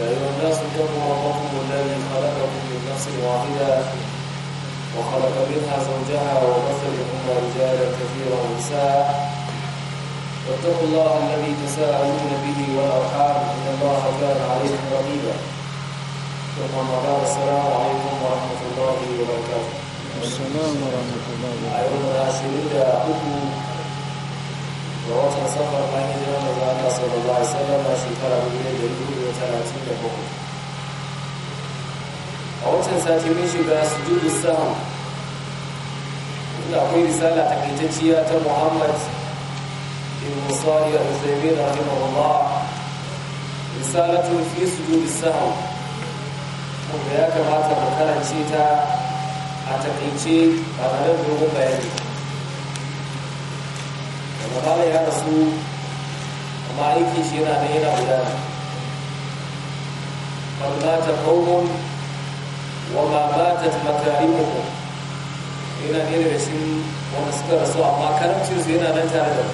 يا أيها الناس اتقوا ربكم الذي خلقكم من نفس واحدة وخلق منها زوجها وبث منهما رجالا كثيرا ونساء واتقوا الله الذي تساءلون به والأرحام إن الله كان عليكم رقيبا ثم ما السلام عليكم ورحمة الله وبركاته السلام ورحمة الله وبركاته أيها الناس ga watan safar na hijira da za ka sau da ba a sallama dubu da da talatin da bakwai a watan sati mun shiga su sahun inda akwai risala takaitacciya ta muhammad ibn sari a musulmi rahimahullah risalatu fi su sahun kuma ya kamata mu karance ta a takaice a ranar dogon bayani kamar ya rasu amma aikin shi yana da yana guda. man mata qaumun wa ma matat uku. yana ne daga cikin wanda suka rasu amma karamcin su yana nan tare da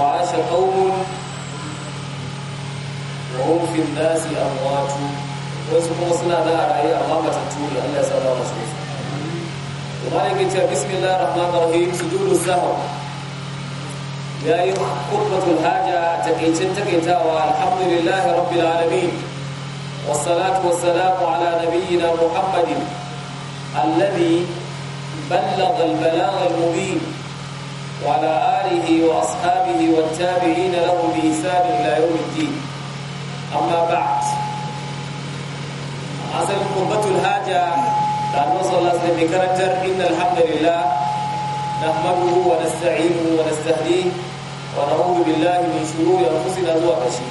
wa asha qaumun wa hum fi an-nasi amwatu wasu kuma suna da rayu amma matattu ne Allah ya sa ba musu kuma ne ke cewa bismillahir rahmanir su sujudu sahwa دائم قربة الحاجة تكيتن تكيتا والحمد لله رب العالمين والصلاة والسلام على نبينا محمد الذي بلغ البلاغ المبين وعلى آله وأصحابه والتابعين له بإنسان إلى يوم الدين أما بعد أصل قربة الحاجة قال وصل الله سلم بكرة إن الحمد لله نحمده ونستعينه ونستهديه ونعوذ بالله من شرور أنفسنا zuwa ƙashi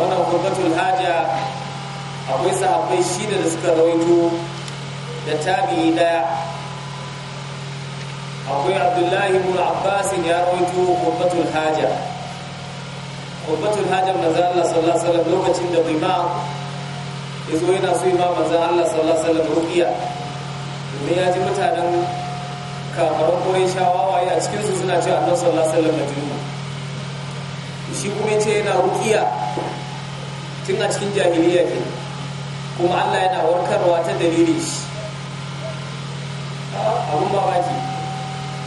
wannan hukumatul haja akwai sahabbai shida da suka rawaito da tabi'i daya akwai abdullahi ibn abbas ya rawaito hukumatul haja hukumatul haja manzo Allah sallallahu alaihi wasallam lokacin da imam yazo yana so imam manzo Allah sallallahu alaihi wasallam ruqiya domin ya ji mutanen kafaran kurai shawawa a cikinsu suna ce annan sallallahu alaihi wasallam majnun shi kuma ce yana ruqiya tun a cikin jahiliya ke kuma Allah yana warkarwa ta dalilin shi ah, abun mamaki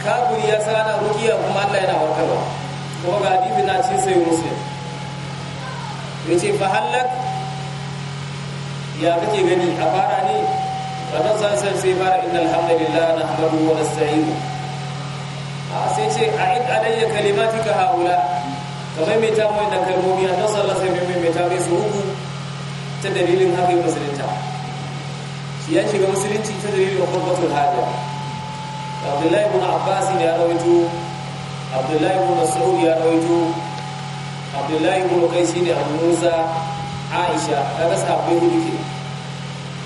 kafiri ya sa ana rukiya kuma Allah yana warkarwa kuma ga adibi na cin sai muslim yace fa halak ya kake gani a fara ne wannan san sai fara inna alhamdulillah na hamadu wa nasta'inu a ah, sai ce a in alayya kalimati ka haula ka maimaita mai da kalmomi a nan sallah sai maimaita mai su uku ta dalilin haka yi musulunta shi ya shiga musulunci ta dalilin kwakwatul hajjar abdullahi ibn abbas ya rawaito abdullahi ibn mas'ud ya rawaito abdullahi ibn qais ne abu musa aisha kaga sahabbai hudu kenan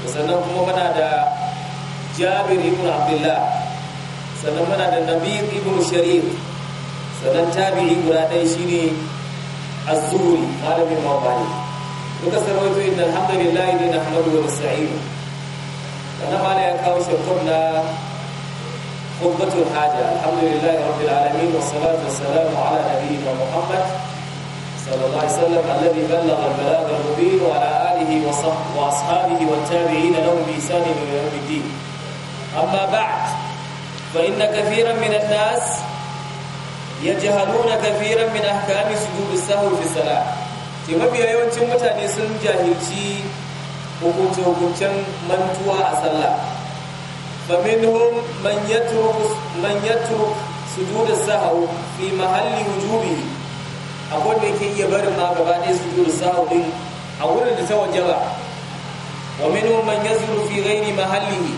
sannan kuma muna da jabir ibn abdullah sannan muna da nabir ibn sharif sannan tabi'i guda ɗaya shine az zuri malamin mawali duka sarwaito inna alhamdulillah ne hamadu wa nasta'inu sannan mala ya kawo shakkur na khutbatul haja alhamdulillah rabbil alamin wassalatu salamu ala nabiyyina muhammad صلى الله عليه وسلم الذي بلغ البلاغ المبين وعلى آله وصحبه وأصحابه والتابعين لهم بإحسان إلى يوم الدين أما بعد فإن كثيرا من الناس يجهلون كثيرا من أحكام سجود السهو في الصلاة ce mafiya yawancin mutane sun jahilci hukunce-hukuncen mantuwa a sallah faminhum man yatruk sujud as-sahw fi mahalli wujubihi akwai da yake iya barin ma gaba ɗaya su juru sahu ɗin a wurin da ta waje ba wa minhum man yazuru fi ghairi mahallihi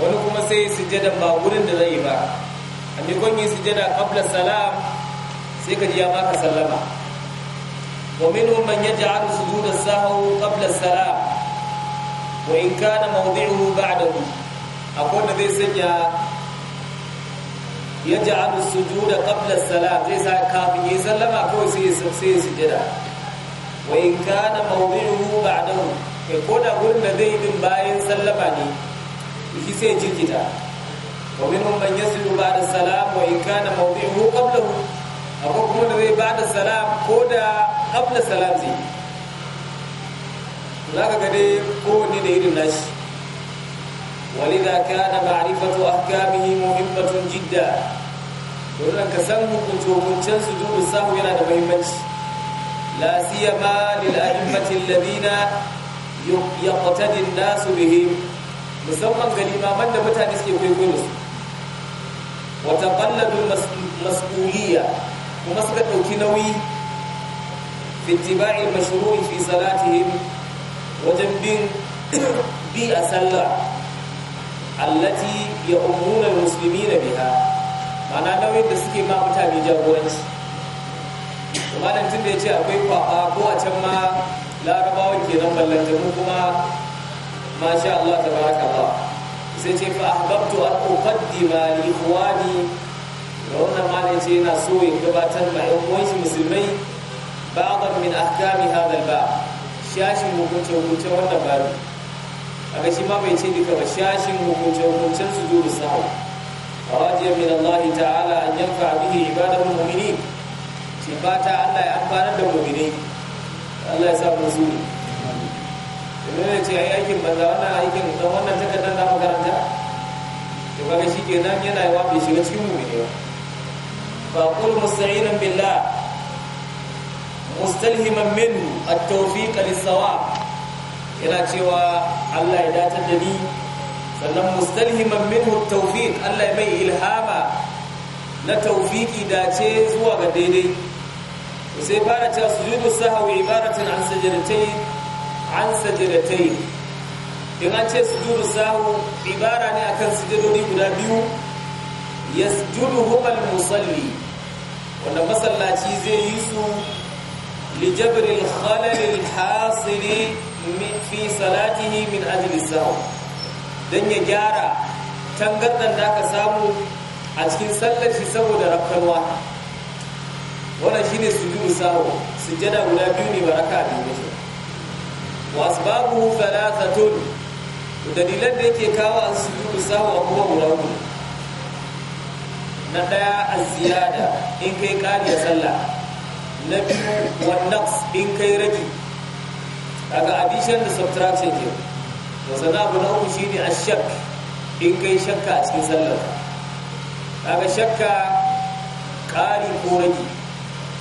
wani kuma sai sujjada ba wurin da zai ba a maimakon yin sujjada kabla salam sai ka jiya maka sallama wa minhum man su zuru sa'u kabla salam wa in kana mawdi'uhu ba'dahu akwai da zai sanya ya ji abu su juda ƙablar salam zai sa kafin ya sallama kawai sai ya sai wa in kana mawdi'uhu ba'dahu kai ko koda gurin da zai din bayan sallama ne shi sai jirkita wa minhum man ba ba'da salam wa in kana mawdi'uhu qablahu akwai kuma da zai ba'da salam ko da qabla salam zai zaka ga ko kowanne da irin nashi ولذا كان معرفة أحكامه مهمة جدا ولن كسن كنتو كنتن سجود السهو ينا مهمة لا سيما للأئمة الذين يقتدي الناس بهم مسمى قليما من دمتا نسكي في كنس وتقلدوا المسؤولية ومسكة كنوي في اتباع المشروع في صلاتهم وجنب بي أسلع allati ya umuna musulmi na biha mana nauyin da suke ma mutane jagoranci malam tun da ya ce akwai kwafa ko a can ma larabawa kenan ballanta mu kuma masha Allah tabaraka Allah sai ce fa ahbabtu an uqaddima li ikhwani da wannan malam ce yana so ya gabatar ma ɗan uwan shi musulmai ba'dan min ahkami hadha al-ba' shashin hukunce hukunce wannan babu a shi ma bai ce duka ba shashin hukuncin hukuncen su zuru a rajiya min Allah ta'ala an yanka a bihi ibadahu mu'minin ce fata Allah ya amfana da mu'minai Allah ya sa mu zuru ne ce a yi aikin banza wannan aikin Don wannan takardar na makaranta to kaga shi ke nan yana yawa bai shiga cikin mu'mini ba fa qul musta'inan billah mustalhiman min at-tawfiq lis-sawab yana cewa Allah ya datar da ni sannan mustalhiman minhu tawfiq Allah ya mai ilhama na tawfiki dace zuwa ga daidai sai fara cewa sujudu sahwi ibaratan an sajdatay an sajdatay in an ce sujudu sahwi ibara ne akan sujudodi guda biyu yasjuduhuma al-musalli wanda masallaci zai yi su li jabri al fi salatihi min ajli sahu dan ya gyara tangardan da aka samu a cikin sallar shi saboda rakkanwa wannan shine sujudu sahu sujada guda biyu ne baraka da yake wa asbabuhu thalathatun dalilan da yake kawo an sujudu sahu kuma guda biyu na daya aziyada in kai kariya sallah na biyu wa in kai ragi daga addition da subtraction to sana abu na uku shine shak in kai shakka a cikin sallar daga shakka ƙari ko rage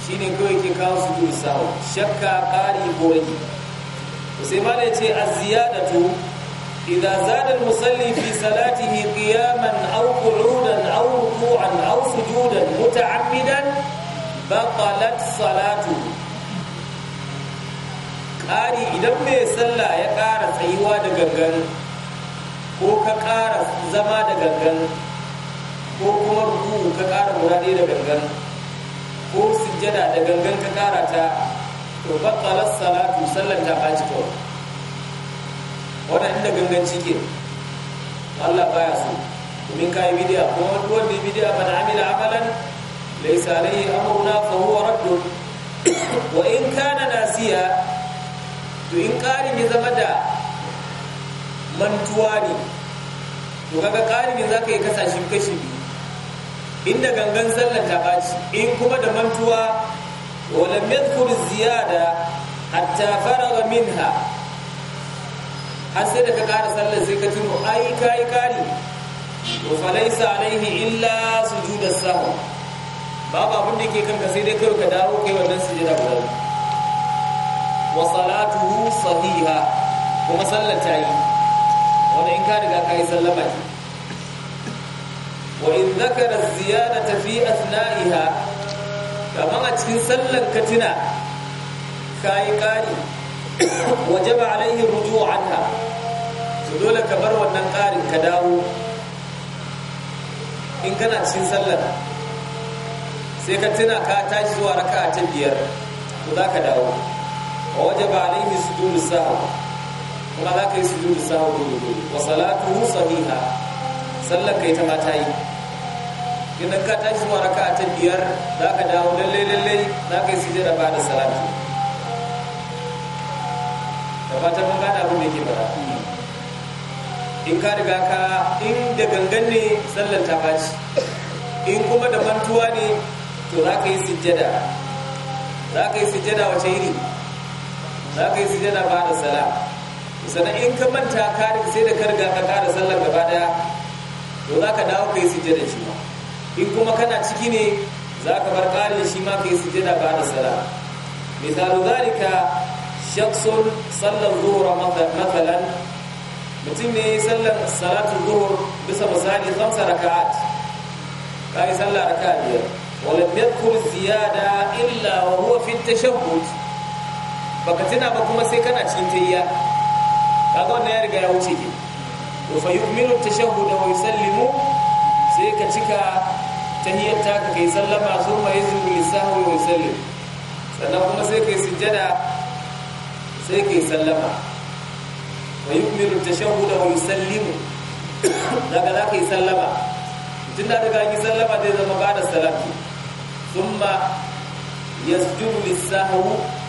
shine kawai ke kawo su duk sawo shakka ƙari ko rage sai ma da ce a ziyadatu idza zada al-musalli fi salatihi qiyaman aw qu'udan aw ruku'an aw sujudan muta'ammidan baqalat ƙari idan mai sallah ya ƙara tsayuwa da gangan ko ka ƙara zama da gangan ko kuma ruku ka ƙara murade da gangan ko sujjada da gangan ka ƙara ta to batsalar salatu sallar ta ɓaci kawai waɗanda gangan cikin Allah baya so domin ka yi bidiya ko wani wanda yi bidiya mana amila amalan laisa alaihi amruna fa huwa raddun wa in kana nasiya to in ƙarin ya zama da mantuwa ne to kaga ƙarin ne za yi kasashen kashi biyu inda gangan sallar ta baci in kuma da mantuwa wala yadhkur ziyada hatta faraga minha har sai da ka kara sallar sai ka tuno ai kai kari to falaisa alaihi illa sujudas sahw babu abin da yake kanka sai dai kai ka dawo kai wannan sujada wa salatuhu sahiha kuma sallar ta yi wanda in ka riga ka yi sallama ki wa in zakara ziyadata fi athna'iha kamar a cikin sallar katina ka yi ƙari wajaba alaihi ruju'u anha to dole ka bar wannan ƙarin ka dawo in kana cikin sallar sai ka tuna ka tashi zuwa raka'a ta biyar to za ka dawo wa wajaba alayhi sujudu sahwi kuma za ka yi sujudu sahwi dole dole wa salatuhu sahiha sallar kai ta mata yi idan ka tashi zuwa raka ta biyar za ka dawo lalle lalle za ka yi sujada ba da salatu da fatan mun gada abin da ke fara in ka riga ka in da gangan ne sallar ta bashi. in kuma da mantuwa ne to za ka yi sujada za ka yi sujada wace iri za ka yi sujada ba da sala sannan in ka manta karin sai da karga ka kara sallar gaba daya to za ka dawo ka yi sujada shi ma in kuma kana ciki ne za ka bar ƙarin shi ma ka yi sujada ba da sala misalu zalika shaksun sallar zuwa matsalan mutum ne sallar salatu zuhur bisa misali kamsa raka'at ka yi sallar raka'a biyar ولم يذكر الزيادة إلا وهو في التشهد baka tuna ba kuma sai kana cikin tayya kaga wannan ya riga ya wuce ke to fa yu'minu tashahhuda wa yusallimu sai ka cika tahiyyar ta ka kai sallama thumma yazulu lisahwi wa yusallim sannan kuma sai kai sujjada sai kai sallama fa yu'minu tashahhuda wa yusallimu daga za ka yi sallama tun da daga yi sallama zai zama ba da salatu ba yasjudu lisahwi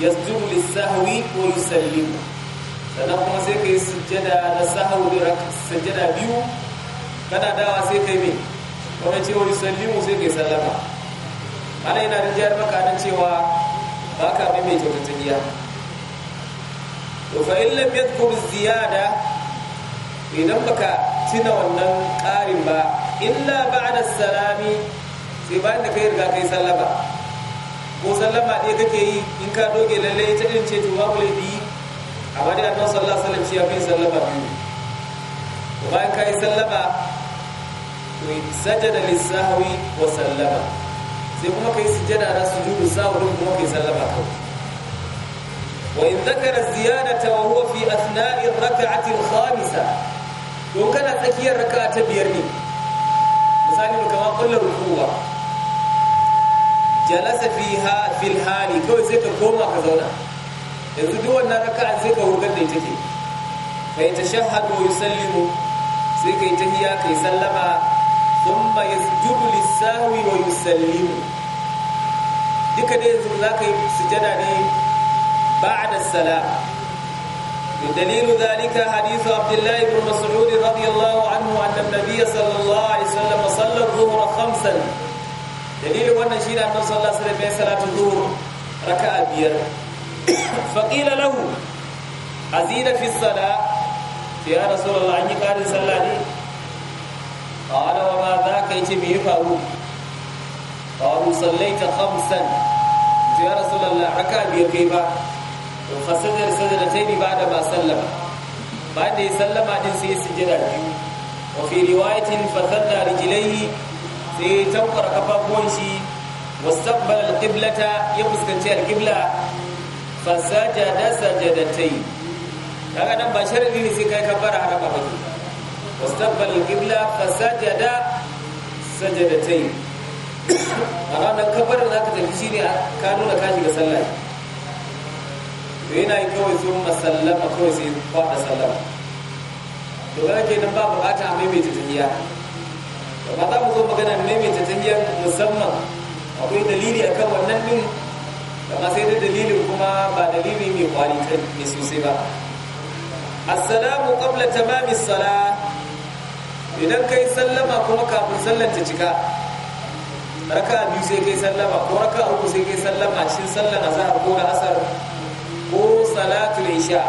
yasjudu lis-sahwi wa yusallimu sannan kuma sai kai sujjada na sahwi sujjada biyu kana dawa sai kai me kuma ce wa yusallimu sai kai sallama ana yana da jiyar maka nan cewa ba ka mai mai kyautata giya to fa in lam yadhkur ziyada idan baka tuna wannan karin ba illa ba'da salami sai bayan da kai riga kai sallama ko sallama ɗaya kake yi in ka doge lalle ita irin ce to babu laifi a wani annan sallah sallam shi ya fi sallama biyu to bayan ka yi sallama to sajada lissahawi wa sallama sai kuma ka yi sujjada na sujudu sahwi kuma ka yi sallama kawai وإن ذكر الزيادة وهو في أثناء الركعة الخامسة وكان تكير ركعة بيرني مثالي كما قل الركوع jalasa fiha fil hali kawai sai ka koma ka zauna yanzu duk wannan raka'a sai ka rugar da ita ke kai tashahhadu wa yusallimu sai kai tahiyya kai sallama thumma yasjudu lis-sahwi wa yusallimu duka dai yanzu za ka yi sujada ne ba'da salam دليل ذلك حديث عبد الله بن مسعود رضي الله عنه أن النبي صلى الله عليه وسلم صلى الظهر خمسا dalilin wannan shi da annabi sallallahu da bai ya salatu raka a biyar faqila lahu azina fi sala ya rasulullah an yi ƙarin sallah ne qala wa ma za ka yi yace me ya faru qalu sallaita khamsan ya raka a biyar kai ba to yi sajdatayni ba'da ma sallama ba'da ya sallama din sai su jira biyu wa fi riwayatin fa thalla rijlaihi sai ya tankwara kafafuwan shi wasabbal alqiblata ya fuskanci alqibla sajada sajadatai kaga nan ba sharadi ne sai kai kafara harama ba wasabbal alqibla sajada sajadatai ana nan kafara da zaka tafi shi ne ka nuna ka shiga sallah yana yi kawai sun masallama kawai sai fada sallama to ga nan ba bukata a maimaita tafiya ba za mu zo magana maimaita tahiyya musamman akwai dalili a kan wannan din amma sai da dalilin kuma ba dalili mai kwari ne sosai ba assalamu qabla tamami salah idan kai sallama kuma kafin sallar ta cika raka biyu sai kai sallama ko raka uku sai kai sallama shin sallar zahar ko asar ko da isha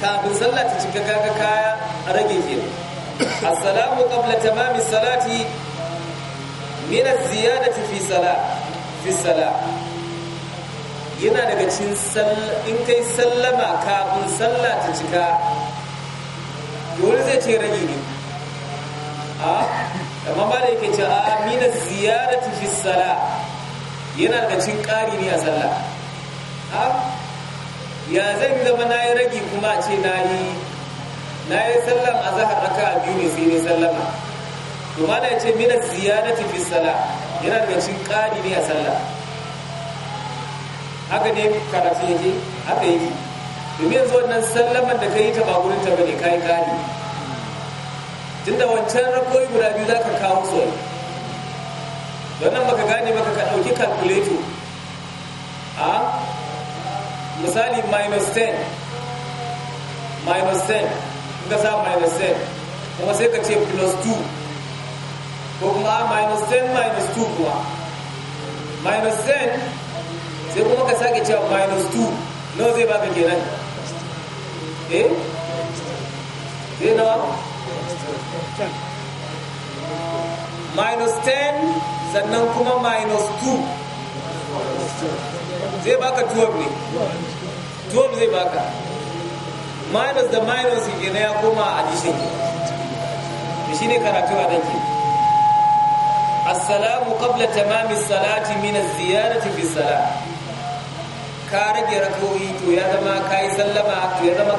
kafin sallar ta cika kaga kaya rage kenan السلام قبل تمام الصلاة من الزيادة في صلاة في الصلاة yana daga cikin in kai sallama kafin sallah ta cika Dole zai ce rage ne a amma ba da yake ce a mina ziyarati fi sala yana daga cikin ƙari ne a sallah a ya zan zama na yi rage kuma a ce na yi na yi sallan a zahar raka biyu ne sai ne sallama to mana ya ce minas ziyarati fi sala yana daga cikin ƙari ne a sallah haka ne karatu yake haka yi domin yanzu wannan sallaman da ka yi ta ba gurin ta bane kai ƙari tunda wancan rakoyi guda biyu za ka kawo su wannan ba baka gane baka ka ɗauki kalkuleto. a misali minus 10 minus 10 ka sa minus 10 kuma sai ka ce plus 2 ko kuma minus 10 minus 2 kuwa minus 10 sai kuma ka sake cewa minus 2 nawa zai baka kenan eh zai nawa minus 10 sannan kuma minus 2 zai baka 12 ne 12 zai baka minus da minus ke na ya koma a addition to shine karatu a danki assalamu qabla tamami salati min az-ziyarati fi salat ka rage rak'o'i to ya zama kai sallama to ya zama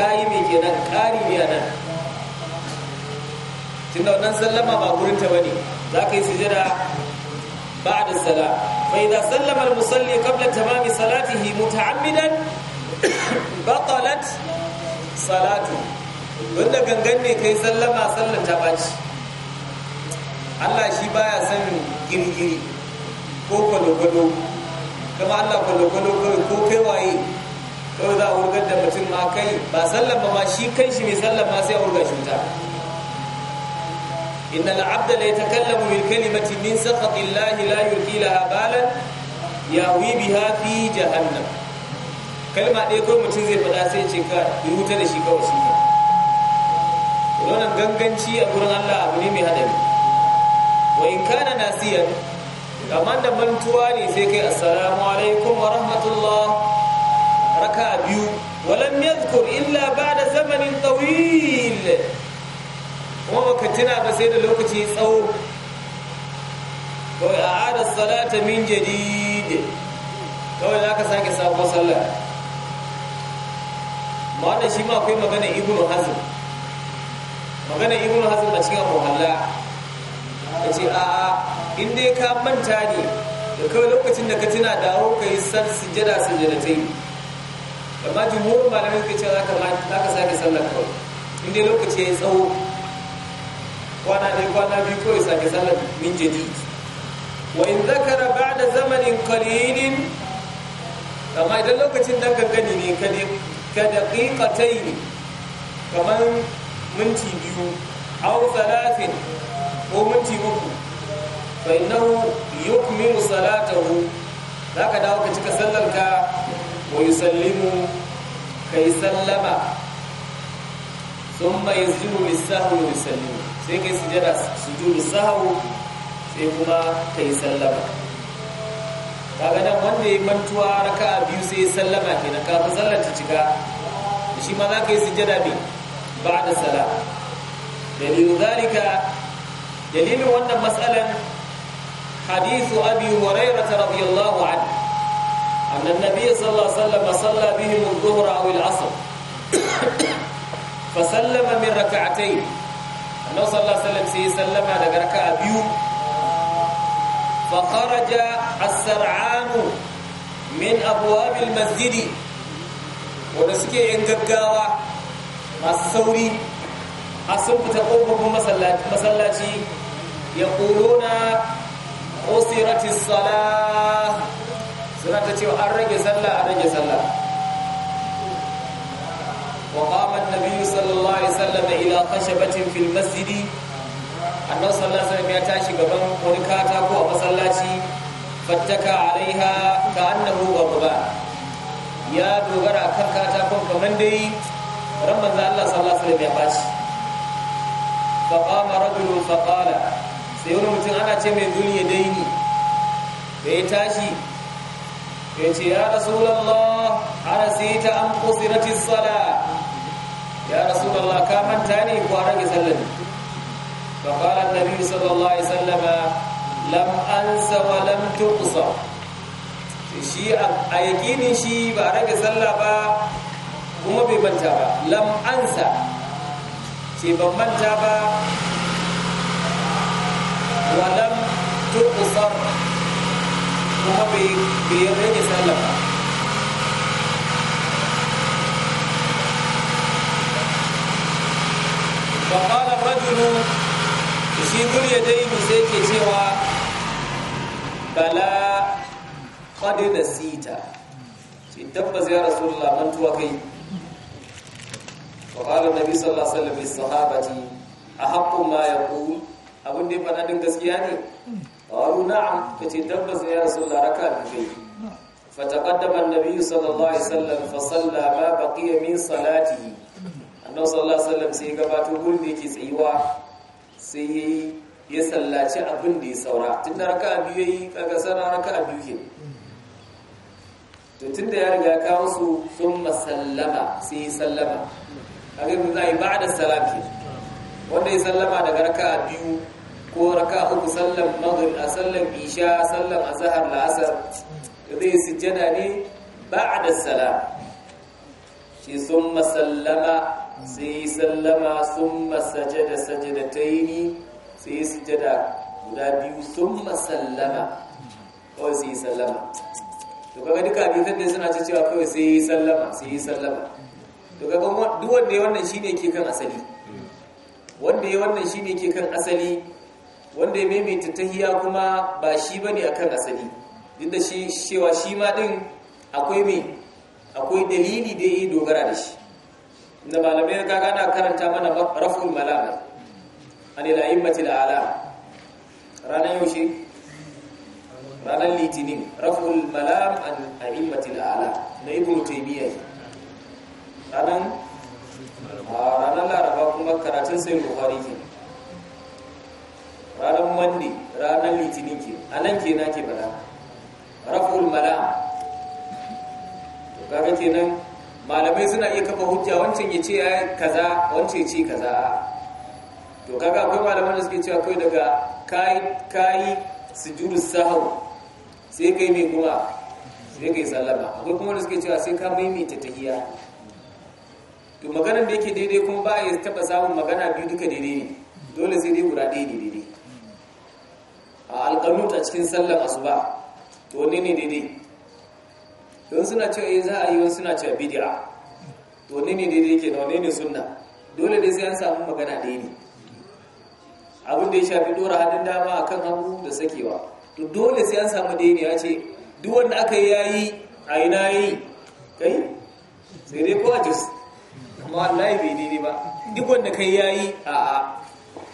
kai me kenan kari ne nan tunda wannan sallama ba gurin ta bane ka yi sujada ba'da salat fa idza sallama al-musalli qabla tamami salatihi muta'ammidan batalat salatu wanda gangan ne kai sallama sallan ta baci Allah shi baya sanin girgiri ko kwalokwalo kama Allah kwalokwalo ko kai waye kawai za a wurgar da mutum ma kai ba sallama ma shi kai shi ne sallama sai a wurga shi inna إن العبد ليتكلم بالكلمة من سخط الله لا يلقي لها balan يأوي biha fi jahannam kalma ɗaya kawai mutum zai faɗa sai ce ka rubuta da shi kawai shi ne wannan ganganci a wurin Allah abu ne mai haɗari wa in kana nasiyan amma da mantuwa ne sai kai assalamu alaikum wa rahmatullah raka biyu walam yadhkur illa ba'da zamanin tawil kuma baka tuna ba sai da lokaci tsawo kawai a salata min jadid kawai za ka sake sabon sallah ma wannan shi ma akwai magana ibnu hazm magana ibnu hazm a cikin halla ya ce a'a in dai ka manta ne da kawai lokacin da ka tuna dawo ka yi sal sujjada sujjadatai amma jumhurin malamai ka ce za ka sake sallar kawai in dai lokaci ya yi tsawo kwana ɗaya kwana biyu kawai sake sallar min jadid wa in zakara ba'da zamanin qalilin amma idan lokacin dan gangani ne ka ne ka daqiqatayn kamar minti biyu aw salatin ko minti uku fa innahu yukmilu salatahu zaka dawo ka cika sallarka wa yusallimu kai sallama thumma yasjudu lis wa yusallimu sai kai sujada sujudu sahu sai kuma kai sallama kaga nan wanda ya mantuwa raka'a biyu sai ya sallama kenan kafin sallar ta cika shi ma za ka yi sujjada bi da sala dalilin zalika dalilin wannan matsalan hadithu abi hurairah radiyallahu anhu أن النبي صلى الله عليه وسلم صلى بهم الظهر أو العصر فسلم من ركعتين النبي صلى الله عليه وسلم سيسلم على ركعة بيو فخرج السرعان min abuwabil masjidi wanda suke yin gaggawa masu sauri a sun fita ƙofofin masallaci ya ƙuluna ƙosiratis sala suna ta cewa an rage sallah an rage sallah wa ƙamar nabi sallallahu alaihi sallam ila annabi sallallahu alaihi wasallam ya tashi gaban wani katako a masallaci fattaka alaiha ka annahu ghadba ya dogara kan katakon kaman dai ran manzo Allah sallallahu alaihi wasallam ya bashi fa qama rajulu fa qala sai wani mutum ana ce mai duniya dai da ya tashi ya ce ya rasulallah ana sai ta an kusiratis sala ya rasulallah ka manta ne ko an rage sallar فقال النبي صلى الله عليه وسلم لم ولم shi a yakinin shi ba a rage sallah ba kuma bai manta ba lam ansa ce manta ba wa kuma bai rage sallah ba فقال الرجل zikir ya daini sai ke cewa bala qad nasita ce tabbas ya rasulullah mantuwa kai wa qala nabi sallallahu alaihi wasallam bi a haƙƙun ma ya yaqul abun da ya faɗa din gaskiya ne qalu na'am ce tabbas ya rasu raka bi kai فتقدم النبي صلى الله عليه وسلم فصلى ما بقي من صلاته النبي صلى الله sai gabatar gurin da yake tsayuwa sai ya yi ya sallaci abin da ya saura tun da raka abu ya yi kaga sana raka abu ke to tun da ya riga kawo su sun masallama sai ya sallama a gani za a yi ba da salafi wanda ya sallama daga raka biyu ko raka uku sallan maghrib a sallan isha sallan azhar la'asar zai sujjada ne ba da salam shi sun masallama sai sallama sun masajada ni sai sujada guda biyu sun masallama kawai sai sallama to kaga duka abin da suna ce cewa kawai sai sallama sai sallama to kaga duk wanda ya wannan shi ne ke kan asali wanda ya wannan shi ne ke kan asali wanda ya maimaita hiya kuma ba shi ba ne a kan asali duk da shi cewa shi ma din akwai mai akwai dalili da yi dogara da shi inda malamai gaga na karanta mana rafin malamai ne la'in mace da ala ranar yaushe ranar litinin rafin malam an mace da ala na ibn taymiya ranar ranar laraba kuma karatun sai buhari ke ranar mandi ranar litinin ke anan ke na ke bala rafin malam kaga kenan malamai suna iya kafa hujja wancan ya ce yayi kaza wancan ya ce kaza to kaga akwai malaman da suke cewa kai daga kai kai sujudu sahau sai kai mai kuma sai kai sallama akwai kuma da suke cewa sai ka maimaita tahiyya to maganar da yake daidai kuma ba ya taba samun magana biyu duka daidai ne dole sai dai guda daidai daidai a alƙanut cikin sallar asuba to wanne ne daidai don suna cewa eh za a yi wani suna cewa bid'a to ne ne daidai ke na ne sunna dole dai sai an samu magana daidai? ne abin da ya shafi dora hannun dama akan hannu da sakewa to dole sai an samu daidai ne ya ce duk wanda aka yi yayi a yi na yi kai sai dai kowa jus amma wallahi bai daidai ba duk wanda kai yayi a a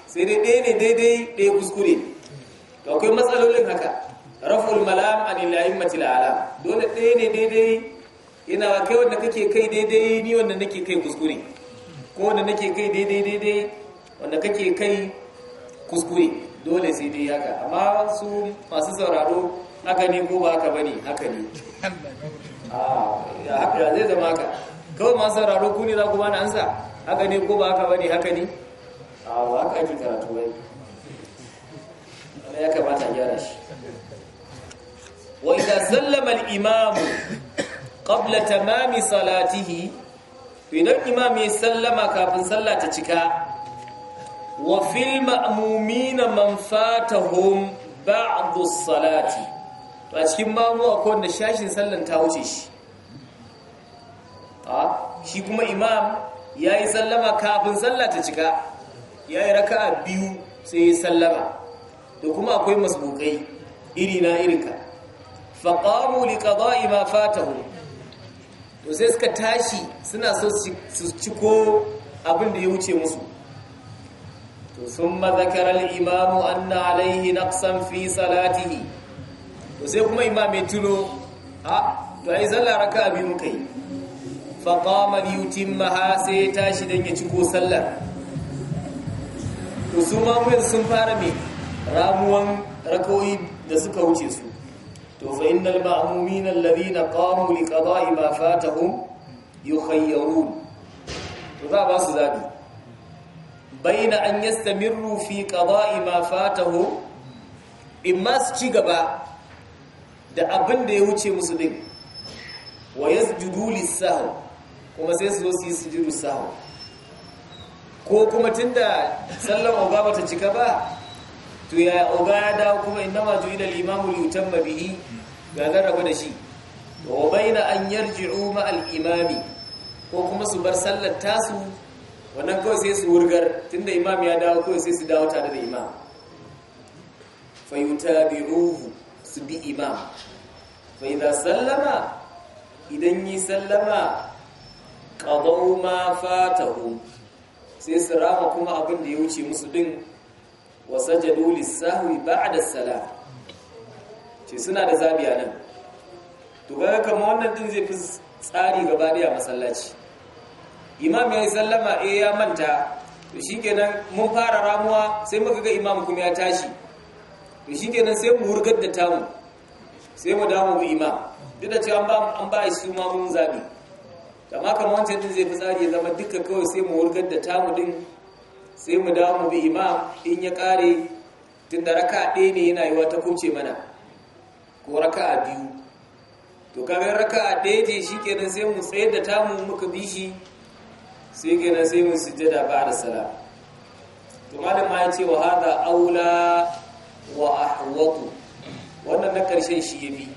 sai dai ɗaya ne daidai ɗaya kuskure to akwai matsalolin haka raful malam an anil matil ala dole ɗaya ne daidai ina wa kai wanda kake kai daidai ni wanda nake kai kuskure ko wanda nake kai daidai daidai wanda kake kai kuskure dole sai dai haka amma su masu sauraro haka ne ko ba haka bane haka ne ah ya zai zama haka kawai masu sauraro ku ne za ku bani ansa haka ne ko ba haka bane haka ne ah, a haka ake karatu bai Allah ya kamata gyara shi wa idza sallama al-imamu ta tamami salatihi idan imam ya sallama kafin sallah ta cika wa fil ma'mumina man fatahum ba'd as-salati a cikin mamu akwai wanda shashin sallan ta wuce shi shi kuma imam ya yi sallama kafin sallah ta cika ya yi raka'a biyu sai ya sallama da kuma akwai masbukai iri na irinka faƙamu liƙaɗa'i ma fatahu to sai suka tashi suna so su ciko abin da ya wuce musu to sun mazakarar imamu an na alaihi naqsan fi salatihi to sai kuma imam ya tuno a to ai zalla raka biyu muka yi faƙama maha sai ya tashi don ya ciko sallar to su sun fara mai ramuwan rakoyi da suka wuce su to fa innal ma'mumin alladhina qamu li qada'i ma fatahum yukhayyarun to za ba su zabi baina an yastamirru fi qada'i ma fatahum imma su ci gaba da abinda ya wuce musu din wa yasjudu lis-sahw kuma sai su zo su yi sujudu sahw ko kuma tunda Sallar ba bata cika ba to ya oga ya dawo kuma inna ma Limamin al-imamu bihi ga garaba da shi wa baina an yarji'u ma al-imami ko kuma su bar sallar tasu wannan kawai sai su wurgar tunda imam ya dawo kawai sai su dawo tare da imam fa yutabi'uhu su bi imam fa sallama idan yi sallama qadaw ma fatahum sai su rama kuma abin da ya wuce musu din wa sajadu lis-sahwi ba'da salam ce suna da zabiya a nan to ga kamar wannan din zai fi tsari gaba da masallaci imam ya sallama eh ya manta to shikenan mun fara ramuwa sai muka ga imam kuma ya tashi to shikenan sai mu hurgar da tamu sai mu damu ga imam duk da cewa an ba su ma mun zabi amma kamar wancan din zai fi tsari ya zama duka kawai sai mu hurgar da tamu din sai mu dawo mu bi imam in ya kare tunda raka ɗaya ne yana yiwa ta kuce mana ko raka biyu to kamar raka ɗaya ce shi kenan sai mu tsaye da tamu muka bi shi sai kenan sai mu sujjada ba da sala to malam ma ya ce wa hada aula wa ahwatu wannan na karshen shi ya fi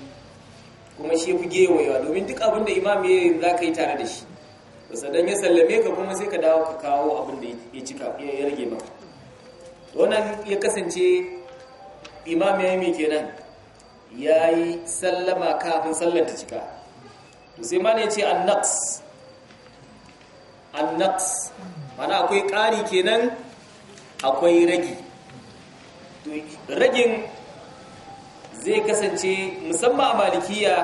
kuma shi ya yafi yawa domin duk abin da imam ya yi za ka yi tare da shi sannan ya sallame ka kuma sai ka dawo ka kawo abin da ya cika ya rage maka wannan ya kasance imam ya yi mai kenan ya yi sallama kafin sallar ta cika to sai ma ne ce annaks annaks mana akwai ƙari kenan akwai ragi to ragin zai kasance musamman a malikiya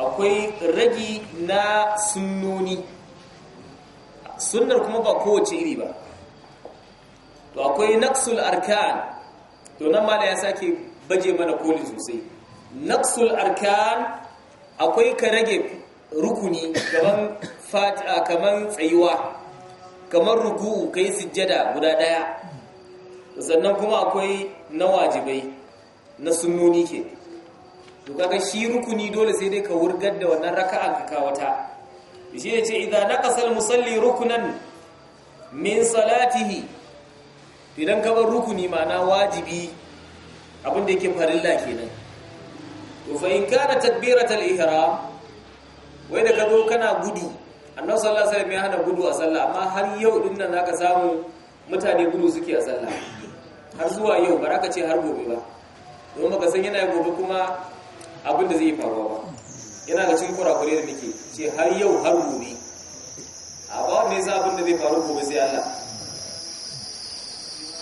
akwai ragi na sunnoni sunnar kuma ba kowace iri ba to akwai naqsul arkan to nan mala ya sake baje mana koli sosai naqsul arkan akwai ka rage rukuni kaman fatiha kaman tsayuwa kaman ruku'u kai sujjada guda daya sannan kuma akwai na wajibai na sunnoni ke to kaga shi rukuni dole sai dai ka wurgar da wannan raka'an ka kawata. shi yace idan idan musalli rukunan min salatihi idan ka bar rukuni ma'ana wajibi abin da yake farilla kenan to fa in kana al ihram wai da ka zo kana gudu annabi sallallahu alaihi wasallam ya hana gudu a sallah amma har yau din nan zaka samu mutane gudu suke a sallah har zuwa yau baraka ce har gobe ba don baka san yana gobe kuma abin da zai faruwa ba yana da cikin kurakure da muke ce har yau har gobe a ba me yasa abin da zai faru gobe sai Allah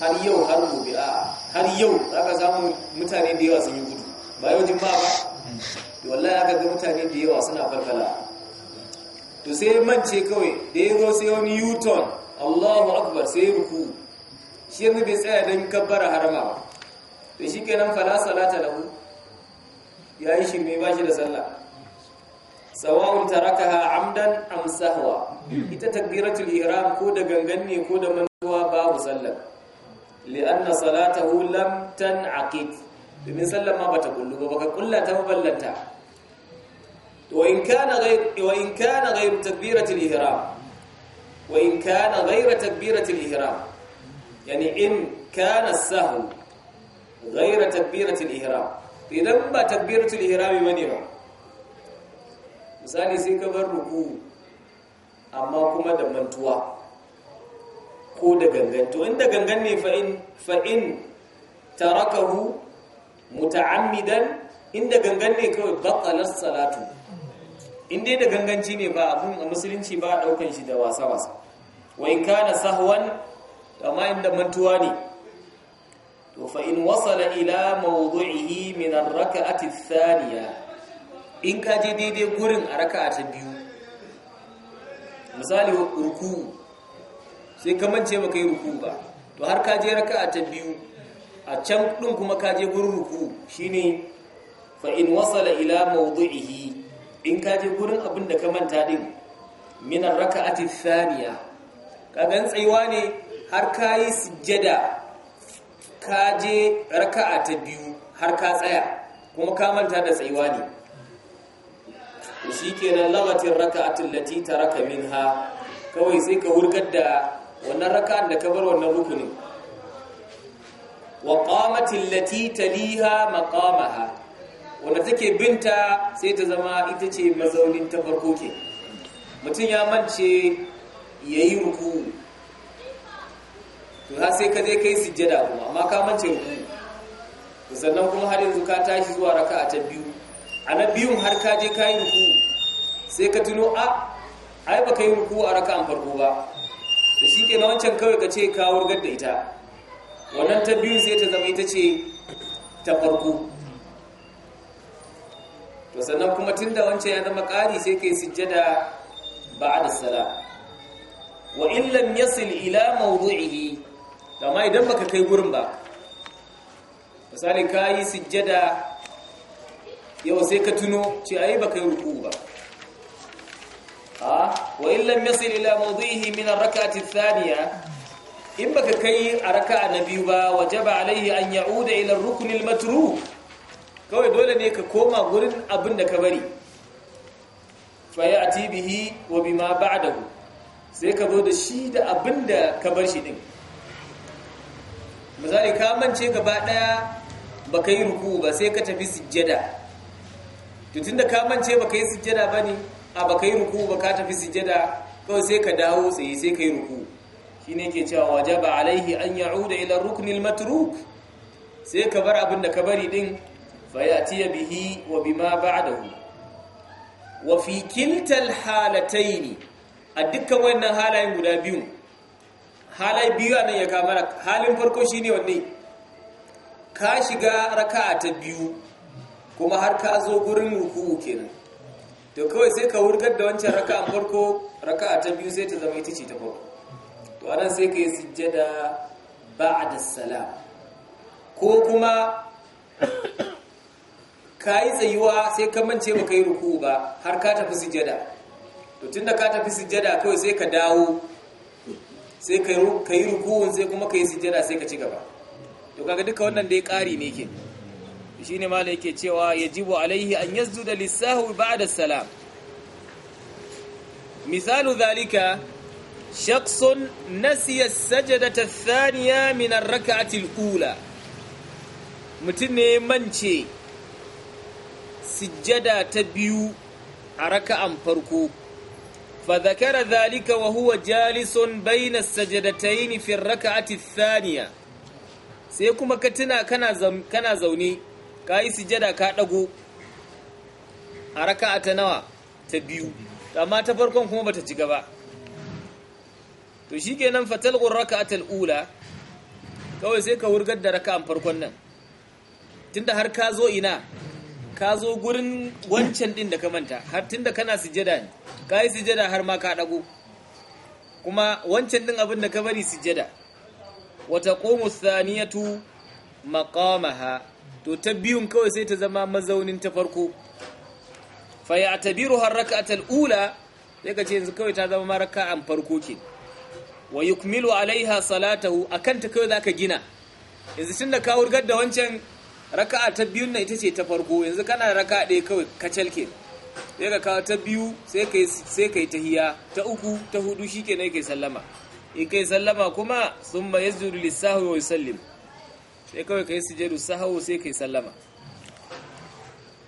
har yau har gobe a har yau aka samu mutane da yawa sun yi gudu ba yau jin ba ba da wallahi aka ga mutane da yawa suna farkala to sai mance kawai da ya zo sai wani yuton Allahu akbar sai ruku shi yanzu bai tsaya don kabbara harama ba to shi kenan falasa salata lahu ya yi shirme ba shi da sallah sawa'un tarakaha amdan am sahwa ita takbiratul ihram ko da gangan ne ko da mantuwa babu sallah li'anna salatahu lam tan'aqid domin sallah ma bata kullu ba baka kullata ba ballanta wa in kana ghayr wa in kana ghayr takbiratul ihram wa in kana ghayr takbiratul ihram yani in kana sahw ghayr takbiratul ihram idan ba takbiratul ihrami bane ba misali sai ka bar ruku amma kuma da mantuwa ko da gangan to inda gangan ne fa in fa in tarakahu muta'ammidan inda gangan ne kawai batalas salatu inda da ganganci ne ba abun a musulunci ba daukan shi da wasa wasa wa in kana sahwan amma inda mantuwa ne to fa in wasala ila mawdu'ihi min ar-rak'ati ath-thaniya in ka je daidai gurin a raka'a ta biyu misali ruku sai ka mance baka yi ruku ba to har ka je raka'a ta biyu a can din kuma ka je gurin ruku shine fa in wasala ila mawdu'ihi in ka je gurin abin da ka manta din min ar-rak'ati ath-thaniya kagan tsayuwa ne har kayi sujjada ka je raka'a ta biyu har ka tsaya kuma ka manta da tsayuwa ne shi kenan lamatin raka'atin lati taraka minha kawai sai ka wurgar da wannan raka'an da ka bar wannan rukunin wa qamatin lati taliha maqamaha wanda take binta sai ta zama ita ce mazaunin ta farko ke mutum ya mance yayi ruku to sai ka je kai sujjada kuma amma ka mance ku sannan kuma har yanzu ka tashi zuwa raka'a ta biyu a na biyun har ka je kai ruku sai ka tuno a ah, ai baka yi ruku a raka'an farko ba da ke na wancan kawai ka ce ka wurgar da ita wannan ta biyun sai ta zama ita ce ta farko to sannan kuma tunda wancan ya zama ƙari sai kai sujjada as salat wa in yasil ila mawdu'ihi amma idan baka kai gurin ba misali ka yi sujjada yau sai ka tuno ce ayi baka yi ruku ba a wa in yasil ila mawdihi min ar-rak'ati thaniya in baka kai a raka na biyu ba wajaba alaihi an ya'uda ila ar-rukn al kawai dole ne ka koma gurin abin da ka bari fa a tibihi wa bima ba'dahu sai ka zo da shi da abin da ka bar shi din misali ka mance gaba daya baka yi ruku ba sai ka tafi sujjada to tunda ka mance baka yi sujjada ne a baka yi ruku ba ka tafi sujjada kawai sai ka dawo tsaye sai ka yi ruku ne ke cewa ba alaihi an ya'uda ilar rukunin matruk sai ka bar abin da ka bari din fayatiya bihi wa bima dahu. wa fi halatai ne. a dukkan wannan halayen guda biyun. halai biyu a nan ya kama da halin farko shi ne wanne ka shiga raka'a ta biyu kuma har ka zo gurin ruku'u kenan to kawai sai ka wurgar da wancan a farko raka'a ta biyu sai ta zama ita ce ta farko to anan sai ka yi sujjada ba'da salam ko kuma ka yi tsayuwa sai ka mance ba ka yi ruku ba har ka tafi sujada to tunda ka tafi sujada kawai sai ka dawo sai ka yi ruku'un sai kuma ka yi sijjada sai ka ci gaba to kaga duka wannan da ya ƙari ne ke shi ne da yake cewa ya jibo alaihi an yi da lissahu da salam misalu zalika shakson nasiya sajada thaniya saniya ar raka al mutum ne mance sijjada ta biyu a raka'an farko فذكر ذلك وهو جالس بين السجدتين في الركعة الثانية sai kuma ka tuna kana zaune ka yi sujada ka ɗago a raka'a ta nawa ta biyu amma ta farkon kuma bata cika ba to shikenan fatalqur raka'atul ula kawai sai ka wurgar da raka'an farkon nan tunda har ka zo ina ka zo gurin wancan din da ka manta har tun da kana sujada ne ka yi sujada har ma ka ɗago kuma wancan din abin da ka bari sujada wata qomu thaniyatu maƙamaha. to ta biyun kawai sai ta zama mazaunin ta farko ta ya'tabiruha har raka al-ula sai ka ce yanzu kawai ta zama maraka an farko ke wa yukmilu alaiha salatahu akanta kawai ka gina yanzu da ka wurgar da wancan raka'a ta biyun na ita ce ta farko yanzu kana raka'a ɗaya kawai kacal ke sai ka kawo ta biyu sai ka yi tahiya ta uku ta hudu shi ke kai sallama in kai sallama kuma sun ma ya zuru lissahu wa sallim sai kawai ka yi sujadu sahawo sai kai sallama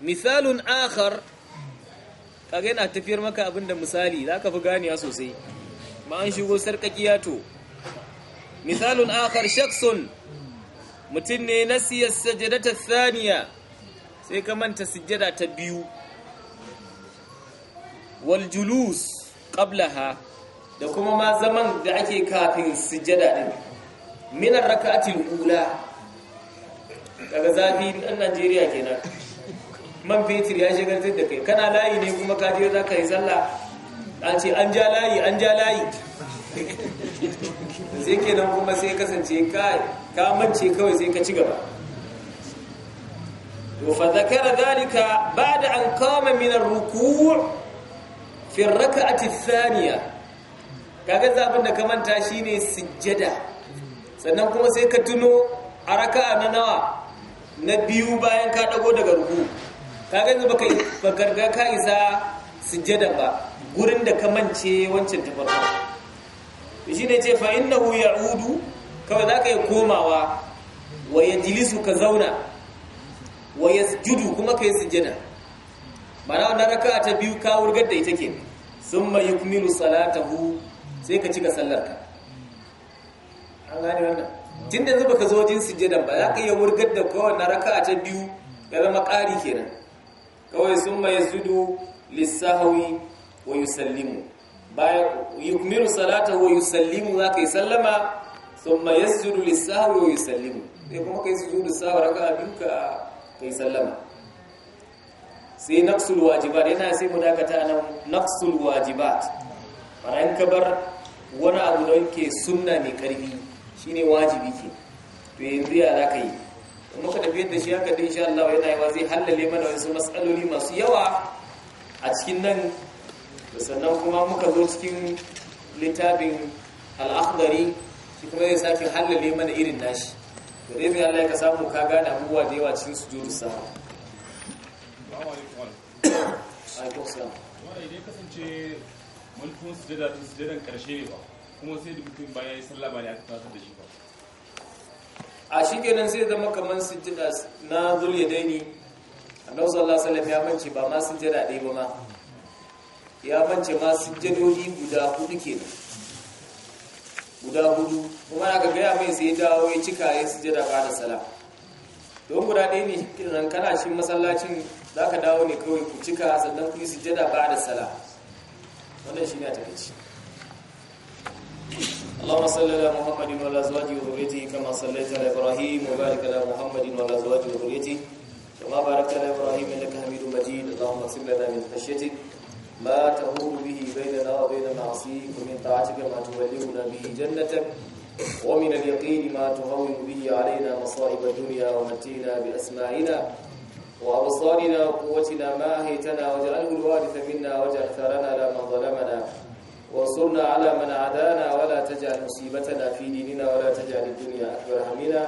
misalun akhar kaga yana tafiyar maka abin da misali za ka fi ganiya sosai ma an shigo sarkakiya to misalun akhar shaksun mutum ne na siyar ta saniya sai ka manta sujjada ta biyu waljulus kabla ha da kuma ma zaman da ake kafin sujjada minar min rak'atil hula daga zafi dan Najeriya kenan man fetur ya shagaltar da kai kana layi ne kuma ka za ka yi sallah a ce an ja layi an ja layi sai kenan kuma sai kasance ka mace kawai sai ka ci gaba fa zakara dalika da an kawo min rukuwar firraka a ar kaga zabin da ka manta ne sujjada sannan kuma sai ka tuno a raka'a na nawa na biyu bayan ka dago daga ruku kaga yanzu baka ka isa sujjada ba gurin da ka mance wancan tafarka shi ne ce fa'innahu ya udu kawai za ka yi komawa wa ya jilisu ka zauna wa ya judu kuma ka yi sujjada mana wannan raka ta biyu ka wurgar da ita ke sun mai yukmilu salatahu sai ka cika sallarka an gane wannan tun da zuba ka zo jin sujjadan ba za ka iya wurgar da kawai na raka ta biyu ya zama kari kenan kawai sun mai sudu lissahawi wa yusallimu bayan yukmilu salatahu wa yusallimu za ka yi sallama thumma yasjudu lis-sahwi wa yusallimu sai kuma kai sujudu sahwi raka'a abinka ka kai sallama sai naqsul wajibat yana sai mu dakata nan naqsul wajibat bayan ka bar wani abu da yake sunna mai karfi shine wajibi ke to yanzu ya za yi kuma ka tafi da shi haka da insha Allah yana yi wa zai hallale mana wasu matsaloli masu yawa a cikin nan da sannan kuma muka zo cikin littafin al'akhdari shi kuma zai sake hallale mana irin nashi da dai mai Allah ya samu ka gane abubuwa da yawa cikin sujudu sa ba sai da mutum bayan da shi ba a shi kenan sai zama kamar sujada na zulya daini a sallallahu alaihi wasallam ya manci ba ma sujada ɗaya ba ma ya bance ma sujjadodi guda hudu kenan guda hudu kuma na gaya mai sai dawo ya cika ya sujjada ba da sala don guda ɗaya ne kiran kana shi masallacin za ka dawo ne kawai ku cika sannan ku yi sujjada ba da sala wannan shi ne a takaici اللهم صل على محمد وعلى ازواجه وذريته كما صليت على ابراهيم وبارك على محمد وعلى ازواجه وذريته كما باركت على ابراهيم انك حميد مجيد اللهم اغفر لنا من خشيتك ما تهون به بيننا وبين معصيك ومن طاعتك ما تبلغنا به جنتك ومن اليقين ما تهون به علينا مصائب الدنيا ومتينا بأسماعنا وأبصارنا وقوتنا ما هيتنا واجعله الوارث منا واجعل ثارنا لا من ظلمنا وانصرنا على من عدانا ولا تجعل مصيبتنا في ديننا ولا تجعل الدنيا أكبر همنا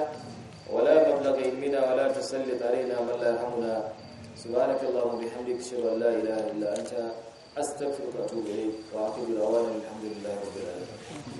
ولا مبلغ علمنا ولا تسلط علينا من لا يرحمنا سبحانك اللهم وبحمدك اشهد ان لا اله الا انت astaghfiruka wa atubu ilayk wa aqulu alhamdulillahi da alamin